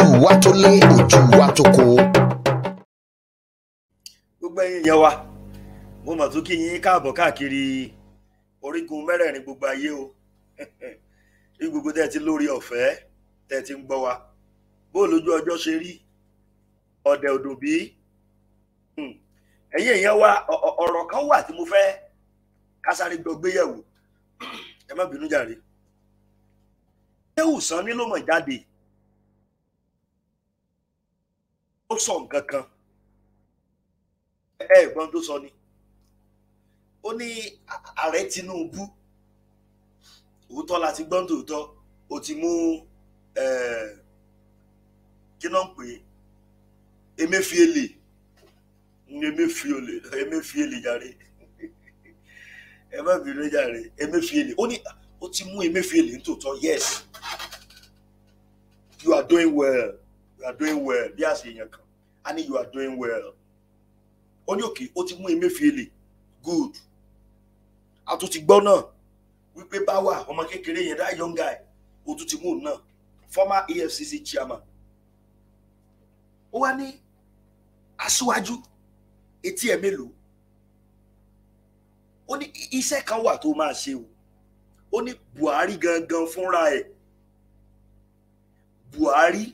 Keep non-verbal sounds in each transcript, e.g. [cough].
ojú wa tó lé ojú wa tó kó. gbogbo ẹ̀yin èèyàn wa mo mọ̀ tún kí yín káàbọ̀ káàkiri orígun mẹ́rẹ̀ẹ̀rin gbogbo ayé o [laughs] ní gbogbo tẹ́ ẹ ti lórí ọ̀fẹ́ tẹ́ ẹ ti ń gbọ́ wa bó lójú ọjọ́ ṣe rí ọ̀dẹ̀ ọ̀dùn bí hmm. ẹ̀yin èèyàn wa ọ̀rọ̀ kan wà tí mo fẹ́ kásáré gbọ́ [clears throat] ẹ má bínú jàre. ṣé ìwòsàn nílò mọ̀ jáde? sọ nǹkan kan ẹ̀gbọ́n tó sọ ni ó ní ààrẹ Tinubu òótọ́ láti gbọ́n tòótọ́ ó ti mú kí náà ń pè é Emefiele Emefiele Emefiele jàre ẹ má bínú jàre Emefiele ó ní ó ti mú Emefiele nítòótọ́ yes you are doing well you are doing well bí àṣeyàn kan a ní you are doing well ó ní òkè ó ti mú Emefiele good a tún ti gbọ́ náà wípé báwa ọmọ kékeré yẹn that young guy ó tún ti mú náà former EFCC chairman ó wá ní aṣíwájú etí ẹ̀ mélòó ó ní iṣẹ́ kan wà tó máa ṣe o ó ní Buhari gangan fúnra ẹ̀ Buhari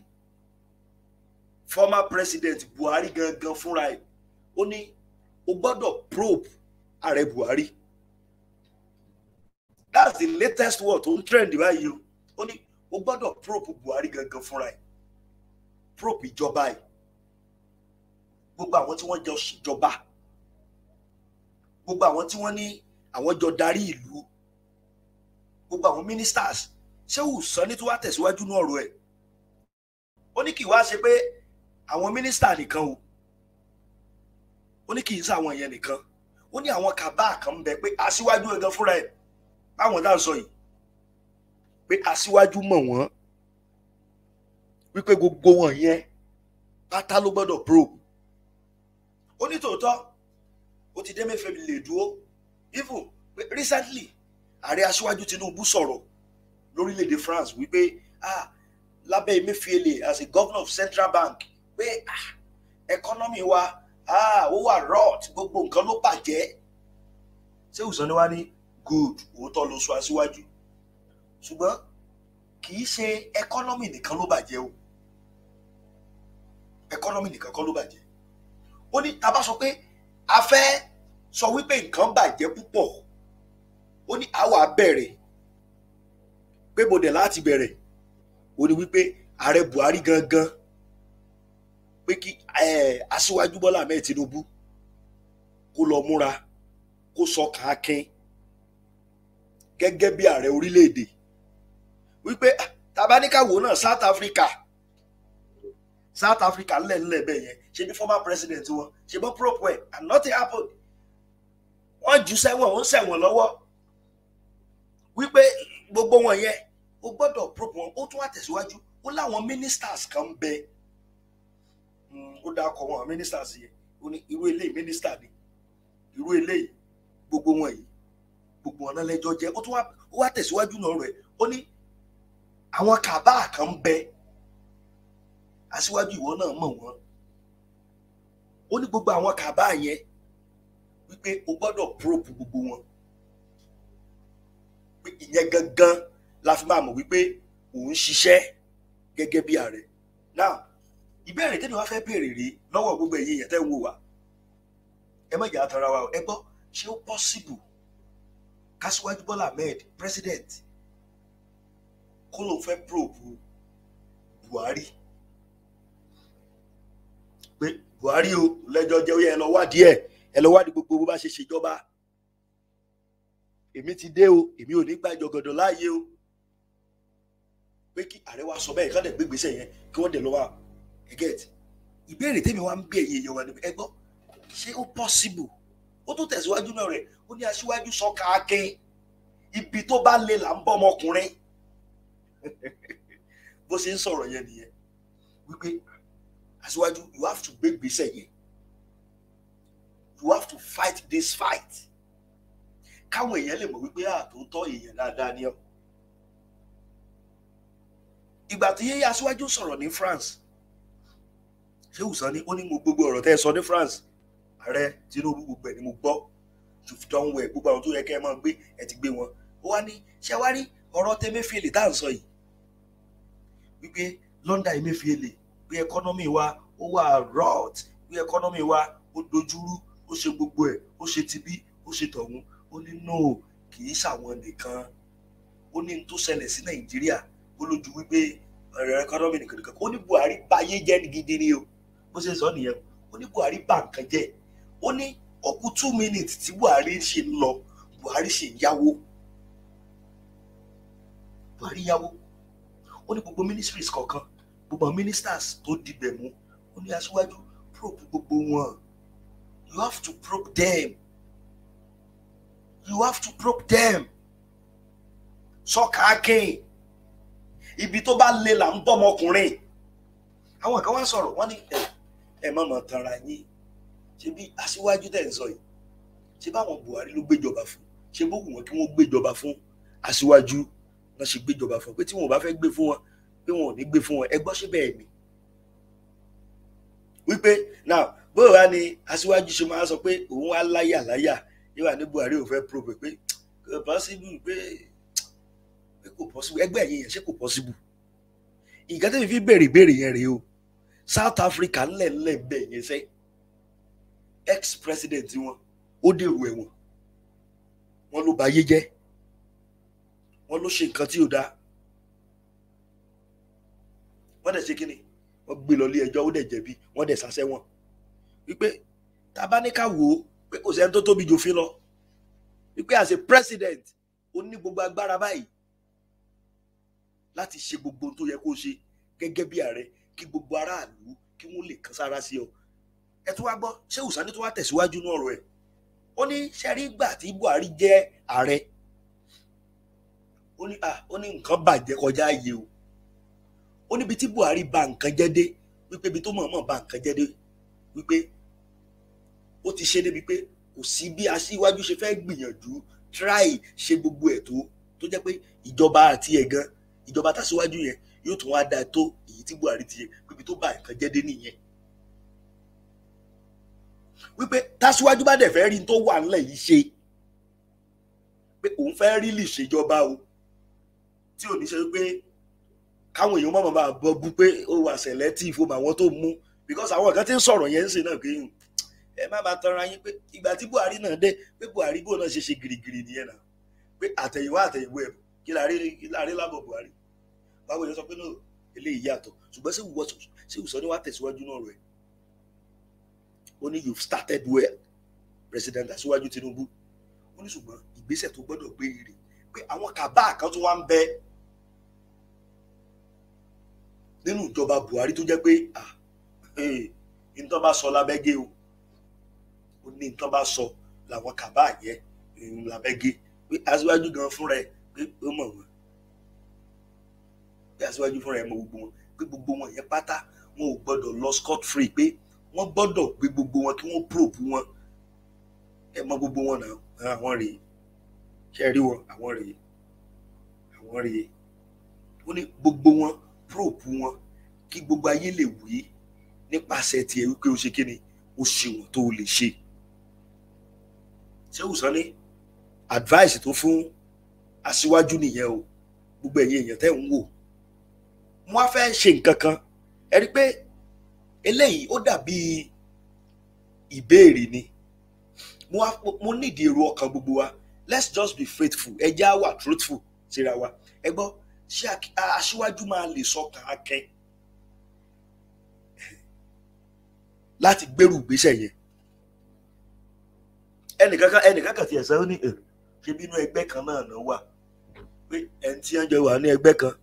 former president Buhari gangan fúnra ẹ̀ ó ní o gbọ́dọ̀ probe ààrẹ Buhari that's the latest word tó ń trend báyìí o ó ní o gbọ́dọ̀ probe Buhari gangan fúnra ẹ̀ probe ìjọba ẹ̀ gbogbo àwọn tí wọ́n jọ ṣèjọba gbogbo àwọn tí wọ́n ní àwọn jọ darí ìlú gbogbo àwọn ministers ṣé Sani tó wá tẹ̀síwájú ní ọ̀rọ̀ ẹ̀ ó ní kí wá ṣe pé àwọn mínísítà nìkan o ó ní kì í sáwọn yẹn nìkan ó ní àwọn kàbá kan ń bẹ pé aṣíwájú ẹ̀gán fúnra ẹ̀ báwọn dá ń sọ yìí pé aṣíwájú mọ̀ wọ́n wípé gbogbo wọn yẹn pátá ló gbọ́dọ̀ probe ó ní tòótọ́ ó ti dé Emefiele lè dúró even recently ààrẹ aṣíwájú Tinubu sọ̀rọ̀ lórílẹ̀‐èdè France wípé ah lábẹ́ Emefiele as a governor of Central Bank pé ẹkọ́nọ́mì ah, wa ah, ó wà rot gbogbo nǹkan ló bàjẹ́ ṣé ìsọ̀ni wa ní good òótọ́ ló sọ aṣíwájú ṣùgbọ́n kì í ṣe ẹkọ́nọ́mì nìkan ló bàjẹ́ o ẹkọ́nọ́mì nìkan kọ́ ló bàjẹ́ ó ní tá bá sọ pé a fẹ́ sọ wípé nǹkan bàjẹ́ púpọ̀ ó ní àwa bẹ̀rẹ̀ pé mo láti bẹ̀rẹ̀ ó ní wípé ààrẹ Buhari gangan pé kí aṣíwájú Bọ́lá Ahmed Tinubu kó lọ múra kó sọkàn akin gẹ́gẹ́ bí ààrẹ orílẹ̀-èdè wípé tabaníkàwò náà South Africa South Africa ńlẹ̀ńlẹ̀ bẹ́ẹ̀ yẹn ṣe bí former president wọn ṣe bọ́ prop well and nothing happen wọ́n jù sẹ́wọ̀n ó ń sẹ̀wọ̀n lọ́wọ́ wípé gbogbo wọn yẹn ó gbọ́dọ̀ prop wọn ó tún àtẹ̀síwájú ó láwọn ministers kan ń bẹ Mm, ó dákọ̀ wọn ministers yẹn ó ní irú eléyìí minister ni irú eléyìí gbogbo wọn yìí gbogbo wọn náà lẹ́jọ́ jẹ́ ó tún wá tẹ̀síwájú náà rẹ̀ ó ní àwọn kàbá kan ń bẹ aṣíwájú ìwọ náà mọ̀ wọ́n ó ní gbogbo àwọn kàbá yẹn wípé o gbọ́dọ̀ probe gbogbo wọn pé ìyẹn gangan la fi máa mọ̀ wípé òun ṣiṣẹ́ gẹ́gẹ́ bí ààrẹ náà ìbéèrè tẹ́lẹ̀ wá fẹ́ béèrè rí lọ́wọ́ gbogbo ẹ̀yin èèyàn tẹ́ ń wò wá ẹ má jà tara wa ẹ gbọ́ ṣé ó pọ́síbù kásíwájú Bọ́lá Ahmed president kó ló fẹ́ probe Buhari pé Buhari o lẹ́jọ́ jẹ́ ó yẹ ẹ lọ wádìí ẹ̀ ẹ lọ wádìí gbogbo bó bá ṣe ṣèjọba èmi ti dé o èmi ò ní gba ìjọgọdọ láàyè o pé kí ààrẹ wa sọ bẹ́ẹ̀ kí wọ́n dẹ̀ gbégbèsè yẹn kí wọ́n dẹ̀ lọ you get ìbéèrè tèmi wá ń bí ẹ̀yin èèyàn wa níbi ẹgbọ́ ṣé ó possible ó tó tẹ̀síwájú náà rẹ̀ ó ní aṣíwájú sọ káàkiri ibi tó bá lè là ń bọ́ ọmọkùnrin [laughs] bó ṣe ń sọ̀rọ̀ yẹn nìyẹn wípé aṣíwájú you have to gbé gbèsè yẹn you have to fight this fight káwọn èèyàn lè mọ̀ wípé àtúntọ́ èèyàn dáadáa ni ọ́ ìgbà tó yẹ aṣíwájú sọ̀rọ̀ ní France Shehu Sani ó ní mo gbogbo ọ̀rọ̀ tẹ́ ẹ sọ ní France ààrẹ Tinubu gbogbo ẹ̀ ni mo gbọ́ ṣùfìtàn wẹ̀ gbogbo àwọn tó yẹ kẹ́ ẹ máa gbé ẹ ti gbé wọn ó wá ní ṣé wá rí ọ̀rọ̀ tẹ́mẹ́fìlì tá à ń sọ yìí wípé London Emefiele pé ẹkọ́nọ́mì wa ó wà rot pé ẹkọ́nọ́mì wa ó dojúrú ó ṣe gbogbo ẹ̀ ó ṣe tibí ó ṣe tọ̀hún ó ní no kì í ṣàwọn nìkan ó ní tó ṣẹlẹ̀ sí Nàìjíríà ó lójú wípé ẹ̀rọ eh, ẹkọ́nọ́mì nìkan nìkan ó ní Buhari báyé jẹ́ gidi ni o bó ṣe sọ nìyẹn ó ní buhari bà nǹkan jẹ́ ó ní ó kù two minutes tí buhari ṣe ń lọ buhari ṣe ń yáwó buhari yáwó ó ní gbogbo ministries kọ̀ọ̀kan gbogbo ministers tó dibẹ̀ mú ó ní aṣíwájú probe gbogbo wọn you have to probe them you have to probe them sọ́ka akin ibi tó bá le là ń bọ́ ọmọkùnrin àwọn kan wá sọ̀rọ̀ wọ́n ní ẹ̀ ẹ má máa tanra yín ṣe bí aṣíwájú tẹ̀ ń sọ yìí ṣe báwọn Buhari ló gbéjọba fún ṣe bó wù wọ́n kí wọ́n gbéjọba fún aṣíwájú wọn ṣe gbéjọba fún pé tí wọn ò bá fẹ́ gbé fún wọn pé wọn ò ní gbé fún wọn ẹ gbọ́ ṣe bẹ́ẹ̀ ni wípé now bóyá wá ni aṣíwájú ṣe máa sọ pé òun wá láyà láyà yíwà ní Buhari ò fẹ́ probe pé kò possible pé kò possible ẹgbẹ́ yẹn ṣé kò possible ìgbà tẹ́mi fi béèrè yẹn rèé o South Africa ńlẹ̀ńlẹ̀ bẹ́ẹ̀ yẹn sẹ́ ex president wọn ó dèrò ẹ̀wọ̀n wọn ló ba ayé jẹ́ wọn ló ṣe nǹkan tí ò dáa wọ́n dẹ̀ ṣe kí ni wọ́n gbé lọ ilé ẹjọ́ ó dẹ̀ jẹ̀bi wọ́n dẹ̀ sàṣẹ́ wọn wípé tá bá ní ká wò ó pé kò sẹ́ni tó tóbi jòfin lọ wípé as a president ó ní gbogbo agbára báyìí láti ṣe gbogbo ohun tó yẹ kó ṣe gẹ́gẹ́ bí ààrẹ kí gbogbo aráàlú kí wọ́n lè kan sára sí ọ ẹ tún wá gbọ́ ṣé Usani tún wá tẹ̀síwájú náà rẹ̀ ó ní sẹ́rí ìgbà tí Buhari jẹ́ ààrẹ ó ní ah ó ní nǹkan bàjẹ́ kọjá yìí o ó níbi tí Buhari ba nǹkan jẹ́ dé wípé ibi tó mọ̀ọ́mọ̀ ba nǹkan jẹ́ dé wípé ó ti ṣe débi pé kò sí bí aṣíwájú ṣe fẹ́ gbìyànjú try ṣe gbogbo ẹ̀ tó tó jẹ́ pé ìjọba àti ẹ̀ gan ìjọba tàṣíwájú yẹn yóò tún wá dáa tó èyí tí Buhari ti yẹ pípi tó bá nǹkan jẹ́ dé nìyẹn wípé tásíwájú bá dẹ̀ fẹ́ rí tó wà ńlẹ̀ yìí ṣe pé òun fẹ́ rí lè ṣèjọba o tí ò ní ṣe pé káwọn èèyàn mọ̀mọ́ bá bọ́gbú pé ó wà selective fún àwọn tó mú because àwọn kan ti ń sọ̀rọ̀ yẹn ń ṣe náà pé hmm, ẹ má bàa tanra yín pé ìgbà tí Buhari náà dé pé Buhari bò náà ṣe ṣe gìrìgìrì nìyẹn náà pé àtẹ̀yìnwá àtẹ̀yìnwó ẹ̀ kí la rí lábọ̀ Buhari báwo ni wọ́n sọ pé náà eléyìí yàtọ̀ ṣùgbọ́n ṣé ìwọ ṣé ìwòsàn ni wàá tẹ̀síwájú náà rẹ̀ ó ní you've started well president Aṣíwájú Tinubu ó ní ṣùgbọ́n ìgbésẹ̀ tó gbọ́dọ̀ gbé rè pé àwọn kàbá kan tó wá ń bẹ nínú ìjọba Buhari tó jẹ́ pé nǹkan eh, bá sọ lábẹ́gẹ́ o ó ní nǹkan bá sọ làwọn kàbá yẹn labẹ́gẹ́ pé Aṣíwájú gan fúnra ẹ̀ pé ó mọ̀ wọ́n bí aṣíwájú fúnra ẹ̀ mọ gbogbo wọn pé gbogbo wọn yẹn pátá wọn ò gbọ́dọ̀ lọ scot free pé wọ́n gbọ́dọ̀ gbé gbogbo wọn kí wọ́n probe wọn ẹ mọ gbogbo wọn náà àwọn rèé ṣe rí wọn àwọn rèé àwọn rèé ó ní gbogbo wọn probe wọn kí gbogbo ayé lè wí nípasẹ̀ tiẹ̀ wípé o ṣe kí ni o ṣèwọ̀n tó o lè ṣe ṣé òsán ní advice tó fún aṣíwájú nìyẹn o gbogbo ẹ̀yin èèyàn tẹ́ ń wò wọ́n á fẹ́ ṣe nǹkan kan ẹ rí i pé eléyìí ó dàbí ìbéèrè ni mo nídìí èrò ọkàn gbogbo wa let's just be faithful ẹ jẹ́ á truthful síra wa ẹ gbọ́ ṣé aṣíwájú máa lè sọkàn akẹ́ láti gbèrú ìgbésẹ̀ yẹn ẹnìkankan ẹnìkankan tiẹ̀ sẹ́wọ́n ní ṣe bínú ẹgbẹ́ kan náà náà wà pé ẹni tí wọ́n jọ wà ní ẹgbẹ́ kan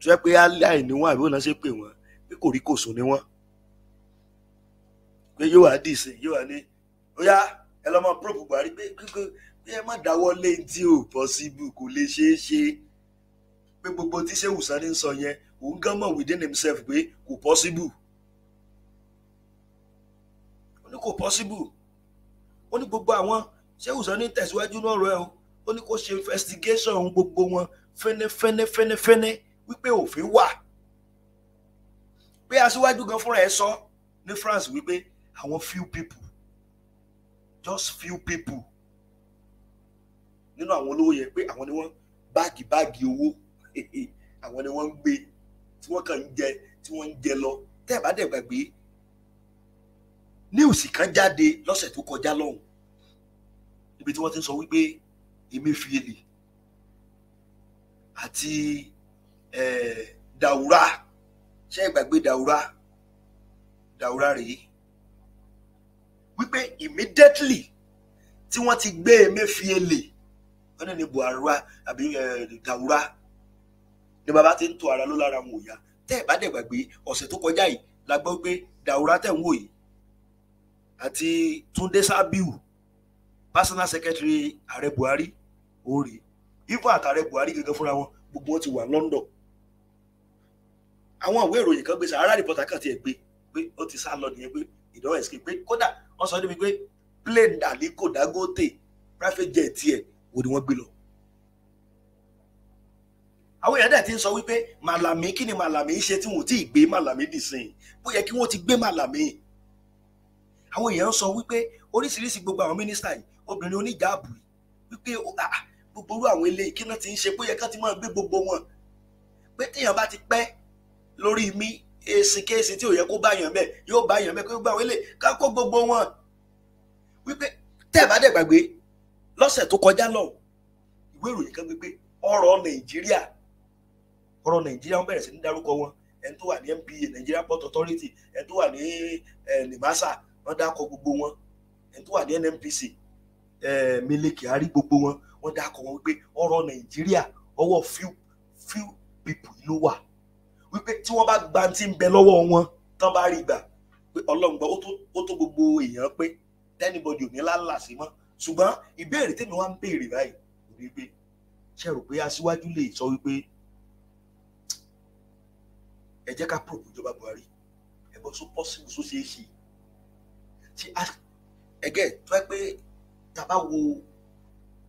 tó yẹ pé aláìní wọn àbí òun ṣe pè wọn pé kò rí kòsùn ni wọn pé yóò wá dì sí yóò wá ní ó yá ẹ lọ́mọ prop Buhari pé pé ẹ má dáwọ́ lé tí ò possible kò lè ṣeé ṣe pé gbogbo tí Shehu Sani ń sọ yẹn òun gan mọ̀ within himself pé kò possible ó ní kò possible ó ní gbogbo àwọn Shehu Sani tẹ̀síwájú náà rẹ̀ o ó ní kó ṣe investigation gbogbo wọn fẹ́nẹ́fẹ́nẹ́fẹ́nẹ́fẹ́nẹ́ wípé òfin wà pé aṣíwájú gan fúnra ẹ̀ sọ ní France wípé àwọn few people just few people nínú àwọn olówó yẹn pé àwọn ni wọ́n báàgì báàgì owó [laughs] àwọn ni wọ́n ń gbé tí wọ́n kàn ń jẹ tí wọ́n ń jẹ lọ tẹ́ ẹ̀ bá dẹ̀ gbàgbé news kan jáde lọ́sẹ̀ tó kọjá lọ́hùn níbi tí wọ́n ti ń sọ wípé Emefiele àti Eh, dàwúrà ṣé ìgbàgbé dàwúrà dàwúrà rèé wípé immediately tí wọ́n ti gbé Emefiele wọ́n ní Buhari wa àbí eh, dàwúrà ni bàbá ti ń tọ́ ara ló lára wọn ò yá tẹ́ ẹ̀ bá dẹ̀ gbàgbé ọ̀sẹ̀ tó kọjá yìí la gbọ́ pé dàwúrà tẹ̀ ń wò yìí àti Túndé Sábíù personal secretary ààrẹ Buhari ó rí ifo àtàrẹ Buhari gẹ́gẹ́ fúnra wọn gbogbo wọn ti wà London àwọn ìwé ìròyìn kan gbé Sahara reporter kan tiẹ̀ gbé pé ó ti sá lọ nìyẹn pé ìdánwò ẹ̀sìn pé kódà wọ́n sọ débi pé plane Aliko Dangote private jet tiẹ̀ wo ni wọ́n gbé lọ. àwọn èèyàn dẹ̀ ti ń sọ wípé Malami kí ni Malami ṣe tí wọn ò tí ì gbé Malami dì sí i bó yẹ kí wọ́n ti gbé Malami. àwọn èèyàn ń sọ wípé oríṣiríṣi gbogbo àwọn mínísítà yìí obìnrin oníjàábù wípé ah, ah, gbogbo orú àwọn eléyìí kí náà ti ń ṣe bó yẹ ká ti máa gbé gbogbo wọn pé téèyàn bá ti pẹ́ lórí mi èsì kéèsì tí ò yẹ kó báyàn bẹ́ẹ̀ yóò báyàn bẹ́ẹ̀ kó gbà wọlé ká kó gbogbo wọn wípé tẹ́ ẹ̀ bá dẹ̀ gbàgbé lọ́sẹ̀ tó kọjá lọ ìwé ìròyìn kan gbé ọ̀rọ̀ nàìjíríà ọ̀rọ̀ nàìjíríà wọ́n bẹ̀rẹ̀ sí ní dárúkọ wọn ẹni tó wà ní NPA Nigeria Port Authority ẹni tó wà ní NIMASA wọ́n dákọ gbogbo wọn ẹni tó wà ní NNPC Mele Kyari gbogbo wọn wọ́n dákọ wọn pé ọ̀rọ̀ nàìjíríà ọwọ́ few few people ló wà wípé tí wọ́n bá gba ti ń bẹ lọ́wọ́ wọn tán bá rí gbà pé ọlọ́run gbọ́ ó tó gbogbo èèyàn pé tẹ́nibọ́dì ò ní lálàsí mọ́ ṣùgbọ́n ìbéèrè tèmi wá ń béèrè báyìí kò ní gbé ṣe rò pé aṣíwájú lè sọ wípé ẹ jẹ́ ká pòròpò ìjọba Buhari ẹ bọ́ sún pọ́sibú sún ṣeé ṣe ṣe ẹgẹ́ tó yẹ pé tá a bá wo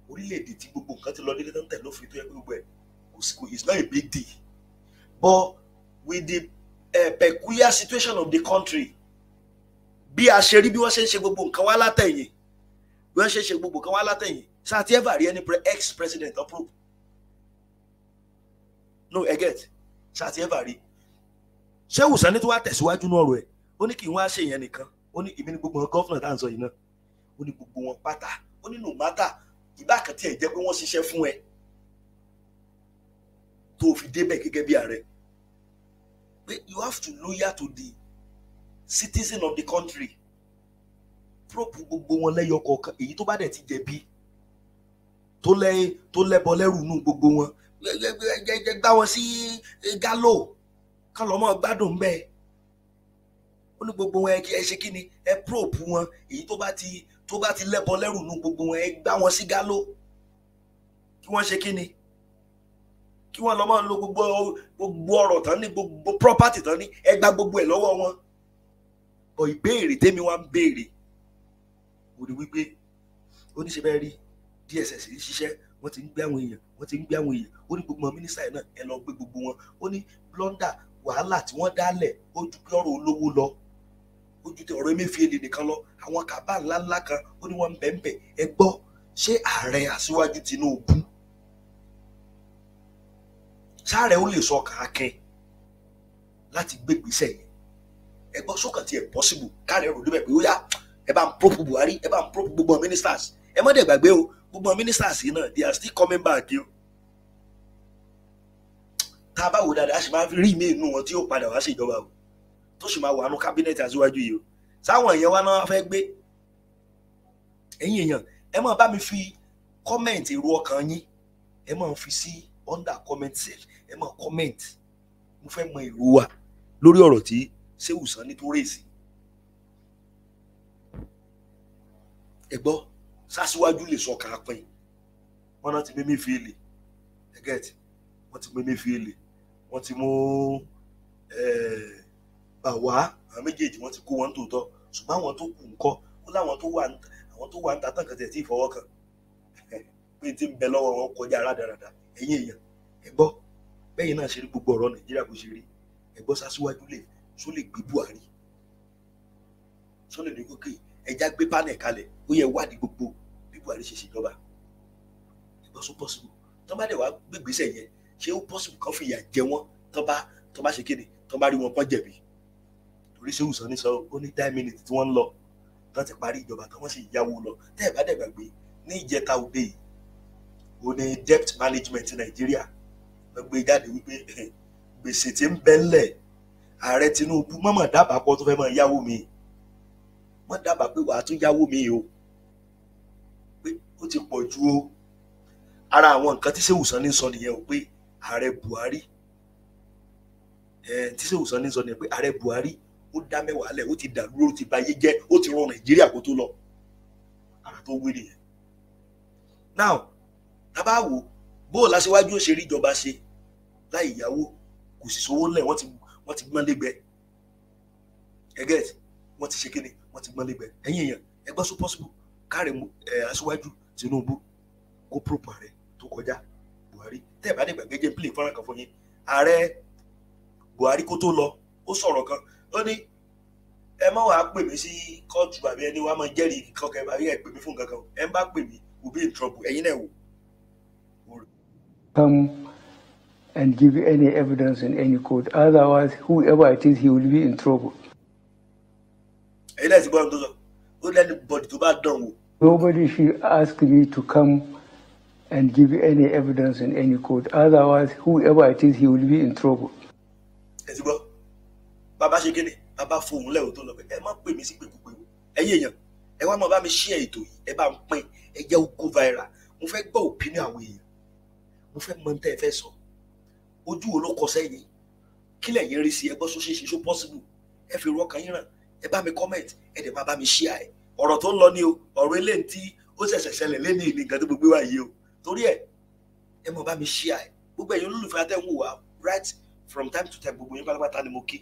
orílẹ̀-èdè tí gbogbo nǹkan ti lọ nílé tó ń tẹ̀ lófin tó yẹ pé gbogbo ẹ̀ kò sí kò it's not a big deal but with the uh, peculiar situation of the country bí a ṣe rí bí wọ́n ṣe ń ṣe gbogbo nǹkan wá látẹ̀yìn bí wọ́n ṣe ń ṣe gbogbo nǹkan wá látẹ̀yìn sáà tí ever rí any ex president approve no ẹ get sáà tí ever rí ṣé Wùsánì tó wá tẹ̀síwájú náà rẹ̀ ó ní kí n wá ṣe yẹn nìkan ó ní èmi ní gbogbo wọn gọ́fìnà tá à ń sọ yìí náà ó ní gbogbo wọn pátá ó ní no matter ìbá kan tí ẹ jẹ́ pé wọ́n ṣiṣẹ́ fún ẹ tó fi débẹ̀ gẹ́gẹ́ bí ààrẹ you have to loyal to the citizen of the country probe gbogbo wọn lẹ́yọ kọ̀ọ̀kan èyí tó bá dẹ̀ ti jẹ̀bi tó lẹ́ tó lẹ́bọ lẹ́rù nù gbogbo wọn gbá wọn sí gálò ká lọ́ mọ́ gbádùn bẹ́ẹ̀ ó ní gbogbo wọn ẹ ṣe kí ni ẹ probe wọn èyí tó bá ti tó bá ti lẹ́bọ lẹ́rù nù gbogbo wọn ẹ gbá wọn sí gálò kí wọ́n ṣe kí ni kí wọ́n lọ máa lo gbogbo gbogbo ọ̀rọ̀ tán ní gbogbo property tán ní ẹ gba gbogbo ẹ̀ lọ́wọ́ wọn bọ̀ ìbéèrè tèmi wá ń béèrè ó ní wípé oníṣẹ́ bẹ́ẹ̀ rí DSS ń ṣiṣẹ́ wọ́n ti ń gbé àwọn èèyàn wọ́n ti ń gbé àwọn èèyàn ó ní gbogbo mínísítà yẹn náà ẹ lọ gbé gbogbo wọn ó ní blọ́ndà wàhálà tí wọ́n dálẹ̀ ó ju pé ọ̀rọ̀ olówó lọ ó ju ọ̀rọ̀ Emefiele nìkan lọ àwọn kàbá ńláńlá kan ó ní wọ́n ń bẹ̀ńbẹ̀ ẹ gbọ́ ṣé ààrẹ Aṣíwájú Tinubu sáré ó lè sọ kàákin láti gbé gbèsè yẹn ẹ gbọ́ sókàn tí ẹ possible kárẹ̀ rò débẹ̀ pé ó yá ẹ bá ń propu Buhari ẹ bá ń propu gbogbo ministers ẹ má dẹ̀ gbàgbé o gbogbo ministers yìí náà they are still coming back o tá a bá wò dáadáa a sì máa rí ìmí inú wọn tí yóò padà wá sí ìjọba o tó sì máa wà nù kábínẹ̀tì aṣíwájú yìí o sáwọn èèyàn wa náà fẹ́ gbé ẹ̀yin èèyàn ẹ máa bá mi fi kọ́mẹ̀ntì èrò ọkàn yín ẹ máa fi sí. Si under comment section ẹ máa comment mo fẹ́ mọ èrò wa lórí ọ̀rọ̀ tí Shehu Sani tó rèsì ẹ gbọ́ sásíwájú lè sọ kàn án pin wọn náà ti mímí fi èlè ẹ get wọn ti mímí fi èlè wọn ti mú bàwá àwọn méjèèjì wọn ti kó wọn tòótọ́ ṣùgbọ́n àwọn tó kù ńkọ́ ó láwọn tó wà àwọn tó wà ń ta tán kàn tẹ̀ tí ì fọwọ́ kàn [laughs] pé tí ń bẹ lọ́wọ́ wọn kọjá rádaràda ẹ̀yin èèyàn ẹ gbọ́ bẹ́yìn náà ṣe rí gbogbo ọ̀rọ̀ nàìjíríà bó ṣe rí ẹ gbọ́ sásíwájú lè só lè gbé buhari só lè ní kókè ẹja gbé panẹ̀ kalẹ̀ ó yẹ wádìí gbogbo bí buhari ṣe ṣèjọba ẹ gbọ́ só pọ́sibú tó bá dẹ̀ wá gbégbèsè yẹn ṣé ó pọ́sibú kan fìyà jẹ wọ́n tó bá tó bá ṣe kéde tó bá rí wọn kán jẹ̀bi torí ṣé òwúsàn ní sọ ó ní nine minutes tí wọ́n ń lọ tó ti parí ìjọba tó wọ́n sì yáwó lọ tẹ́ ẹ̀ bá dẹ̀ gbàgbé ní ìjẹta òde yìí ó ní debt management nàìjíríà ló gbé jáde wípé gbèsè tí ń bẹ ńlẹ̀ ààrẹ tinubu mọ̀mọ̀ dábàá pọ̀ tó fẹ́ máa yáwó mi wọ́n dábàá pé wàá tún yáwó mi o pé ó ti pọ̀ ju o ara àwọn nǹkan tí sèwù sanni sọ nìyẹn o pé ààrẹ buhari tí sèwù sanni sọ nìyẹn pé ààrẹ buhari ó dá mẹ́wàá lẹ̀ ó ti dàrú ó ti bayé jẹ́ ó ti rọ nàìjíríà kó tó lọ ara tó wí nìyẹn now tá a bá wò bó o láṣíwájú ó ṣe rí ìjọba ṣe láì yáwó kò sì sówó ńlẹ̀ wọ́n ti wọ́n ti gbọ́n lẹ́gbẹ́ ti ṣe kíni wọ́n ti gbọ́n lẹ́gbẹ́ ẹ̀yìn èèyàn ẹgbẹ́ so possible káàrẹ̀ ẹ̀ aṣíwájú Tinubu kó propa rẹ̀ tó kọjá Buhari tẹ́ ẹ̀ bá dẹ̀gbà gẹ́gẹ́ play fọ́nrán kan fún yín ààrẹ Buhari kó tó lọ ó sọ̀rọ̀ kan ó ní ẹ má wàá pè mí sí kóòtù àbí ẹni wàá máa jẹ́rìí kankan àbí ẹ pè mí fún kankan ẹ bá pè mí will be in trouble ẹ̀yin náà wò come and give any evidence in any court. Otherwise, whoever it is, he will be in trouble. Nobody should ask me to come and give any evidence in any court. Otherwise, whoever it is, he will be in trouble. bàbá ṣe kéde bàbá fohùn lẹ́wọ̀ tó lọ pé ẹ má pè mí sí pèkúpè o ẹ̀yin èèyàn ẹ wá máa bá mi share ètò yìí ẹ bá ń pín ẹ jẹ́ ó viral mo fẹ́ gbọ́ opinion àwọn èèyàn mo fẹ́ mọ tẹ́ ẹ fẹ́ sọ ojú wo ló kọ sẹ́yìn kí lẹ̀yin rí sí ẹ gbọ́ sóṣèṣe ṣó possible ẹ fi ru ọkàn yín ràn ẹ bá mi comment ẹ dẹ̀ máa bá mi share ẹ ọ̀rọ̀ tó ń lọ ni o ọ̀rọ̀ eléyìí tí ó ṣẹ̀ṣẹ̀ ṣẹlẹ̀ lé ní ìní nǹkan tó gbogbo wa yìí o torí ẹ ẹ mọ̀ bá mi share ẹ gbogbo ẹ̀yin olólùfẹ́ atẹ́wò wa right from time to time gbogbo yín pátápátá ni mo kí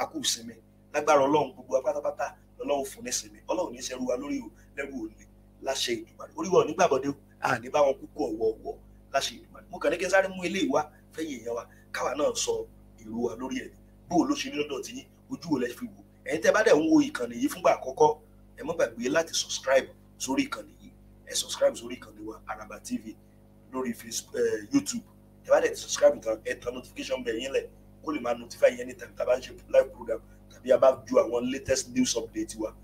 a kú ìsinmi lágbára ọlọ́run gbogbo wa pátápátá lọ́lọ́run fún ní sinmi ọlọ́run ní sẹ́rù wa lórí o lẹ́rù òní láṣẹ ìdùnnú orí wọn nígbàgbọ́dé àní bá wọn kúkú ọ̀wọ̀ ọ̀wọ̀ láṣẹ ìdìbò mo kàn ní kí n sáré mú ilé ìwá fẹ́yìn èèyàn wa káwa náà sọ èrò wa lórí ẹ̀ bó o ló ṣe nínú ọ̀dọ̀ tí yín ojú wo lẹ fi wò ẹ̀yin tẹ́ bá dẹ̀ ń wo ìkànnì yìí fúngbà àkọ́kọ́ ẹ má gbàgbé láti subscribe sórí ìkànnì yìí ẹ subscribe sórí ìkànnì wa Araba TV lórí Facebook eh, YouTube tẹ́ bá dẹ̀ ti subscribe tán ẹ tan notification bell yín lẹ̀ kó lè máa notify yín anytime tá a bá ń ṣe live program tàbí a bá ju àwọn latest news update wa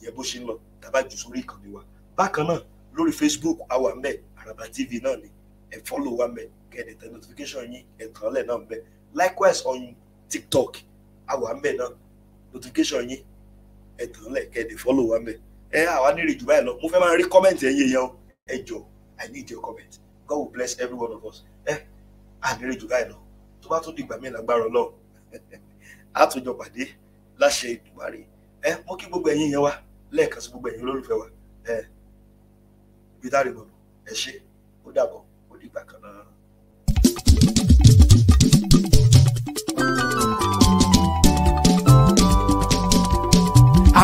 ìyẹn bó ṣe ń lọ tá a bá jù sórí ìkànnì wa bákan náà lórí Facebook àwa ń bẹ Araba TV náà ni ẹ follow one man get the notification yín ẹ tàn lẹ̀ náà likewise on tiktok our man náà notification yín ẹ tàn lẹ̀ kẹ́ ẹ follow one man. ẹ I nírè to báyìí lọ Move my recommend rí comment ẹ̀yin i need your comment god will bless every one of us ẹ ànírè jù báyìí lọ tó bá tún di ìgbà mìíràn agbára ọlọ́run àtúnjọ [laughs] pàdé láṣẹ ìdùmarè ẹ mú kí gbogbo ẹ̀yin yẹn wá lẹ́ẹ̀kan sí gbogbo ẹ̀yin olólùfẹ́ wa ẹ ibi tá a rí bọ̀dọ̀ ẹ ṣé ó nígbà kan náà.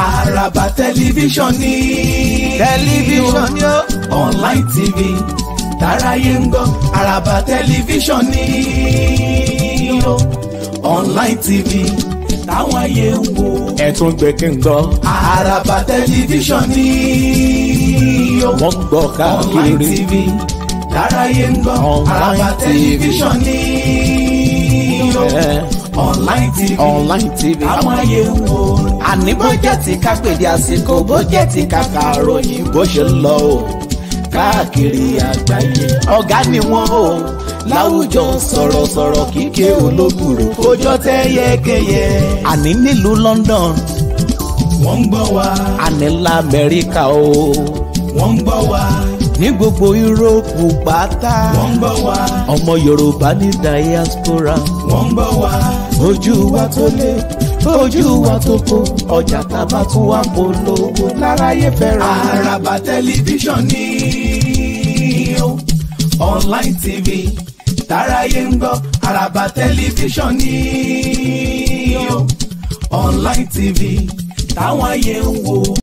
Àràbà tẹlifíṣàn ni tẹlifíṣàn ni ó online tv tàráyé ń gbọ́ Àràbà tẹlifíṣàn ni online tv táwọn ayé ń wo. ẹ̀tún gbẹ̀kẹ̀ ń gbọ́. Àràbà tẹlifíṣàn ni wọ́n gbọ́ káàkiri online tv táráyé ń gbọ́ Àràbà tẹlifíṣàn ní online tv online tv àwọn ayé ń wo àní bó jẹ́ ti ká pèdé àsìkò bó jẹ́ ti ká ka ròyìn bó ṣe lọ o káàkiri àgbáyé ọ̀gá ni wọ́n o láwùjọ sọ̀rọ̀sọ̀rọ̀ kíkẹ́ olóbùrò kójọ tẹ́ yẹ́kẹ́yẹ. àní nílùú London wọ́n ń gbọ́ wa. àní la Amẹ́ríkà o wọ́n ń gbọ́ wa ní gbogbo yúróòpù pátá. wọ́n ń bọ̀ wá. ọmọ yorùbá ní diaspora. wọ́n ń wá. ojú wa tó lé ojú wa tó kó ọjà tábà tún wá polówó láráyé fẹ́ràn. àràbà tẹlifíṣàn ni ó online tv táráyé ń gbọ́ àràbà tẹlifíṣàn ni ó online tv táwọn ayé ń wò.